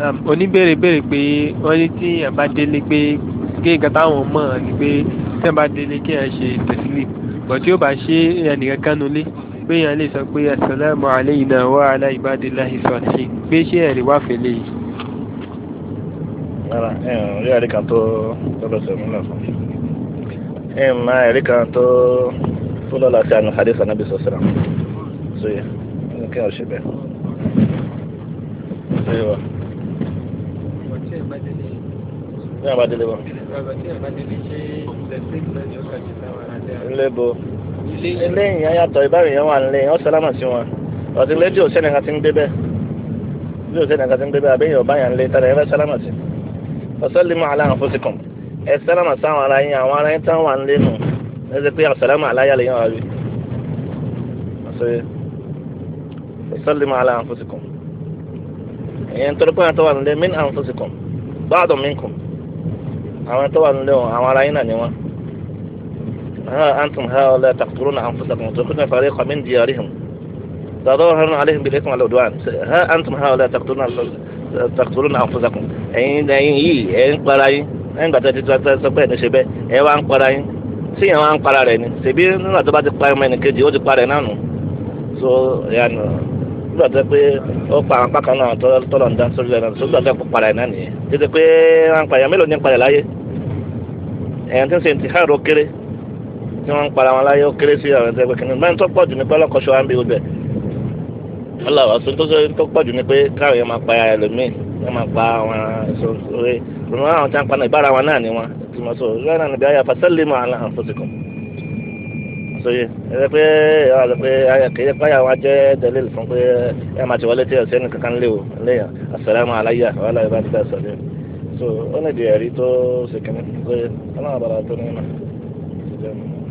oníbèrè béèrè pé wọ́n ní tí ẹ̀ bá délé pé kí nǹkan táwọn mọ̀ ni pé tí ẹ̀ bá délé kí ẹ̀ ṣe tẹ̀sílì bọ̀ tí ó bá ṣe ẹnìkan kánú lé pé yẹn lè sọ pé asalaamu aleyna wa ala ibadillahi salihin pé ṣé ẹ̀ rí wá fẹ́lẹ́ yìí. rárá ẹ ẹ rí tó lọ́lọ́sẹ̀ múlẹ̀ fún ẹ ẹ máa tó tó lọ́la àná hadith anabi sọ̀sẹ̀rà sóyè kí ẹ ṣe bẹ́ẹ̀. ní àbádélé wa. ńlẹ́bọ̀ ilé ìyá yàtọ̀ ìbáwí yẹn wà nílé ọ̀ sálámà sí wọn ọ̀sìn lẹ́dí òsèlè kan ti ń débẹ̀ lẹ́dí òsèlè kan ti ń débẹ̀ àbẹ́yẹ ọ̀bá yẹn lé tàdé ẹ̀fẹ́ sálámà sí. ọ̀sọ́límù aláhàn fúsìkọ̀m ẹ̀ sálámà sáwọn ara yín àwọn ara yín tán wà nílé nù ẹ̀ ṣe pé ọ̀sálámà aláyà lè yàn wá rí. ọ̀sọ́límù aláhàn fúsìkọ̀m ẹ̀yẹn torí àwọn tó wà nílé wọn àwọn ará yín náà ni wọn. ها أنتم هؤلاء تقتلون أنفسكم وتخرجون فريقا من ديارهم تظاهرون عليهم بالإثم والعدوان ها أنتم هؤلاء تقتلون تقتلون أنفسكم ẹ̀yin ẹ̀yin yìí ẹ̀yin para yín ẹ̀yin gbàtẹ́ ti tọ́ sọ pé ẹ̀yin ṣe bẹ́ẹ̀ ẹ̀yin wá ń para yín sí ẹ̀yin wá ń para rẹ̀ ni ṣèbí nígbà tó bá ti pa ẹ̀mọ ẹnìkejì ó ti para ẹ̀ náà nù so ẹ̀yà nù nígbà tó pé ó pa àwọn apákan náà tọ́lọ̀ ń dá sórí ẹ̀ náà sórí ọ̀dọ́ padà ẹ̀ náà nìyẹn títí pé wọ́n ń padà mélòó ní padà láyé ẹ̀yàn tí ń ṣe ìtìhárò kéré tí wọ́n ń para wọn láyé ó kéré sí àwọn ẹ̀ńtẹ́ pé kìnnìún báyìí tó pọ̀ jù ní pé ọlọ́kọ̀ṣọ wa ń bí ibẹ̀ ọlọ́wọ́ sọ tó pọ̀ jù ní pé káwọn yẹn máa pa ẹlòmíì yẹn ni wọ́n ti mọ̀ sọ ìrònú náà níbi ayé àfàsẹ́lẹ̀ sọye ẹ pé ẹ wà lọ pé kéde pé àwọn ajẹ tẹlẹ fún pé ẹ máa ti wọlé tí ọsẹ nìkankan lé o léyìn asàlámù aláyà wàhálà ẹ bá ti dá sọlẹ so ó ní ìdí ẹrí tó ṣe kìnnìkan sọye ọlọ́run àbàlà tó ní ìmọ̀ ṣe jẹun.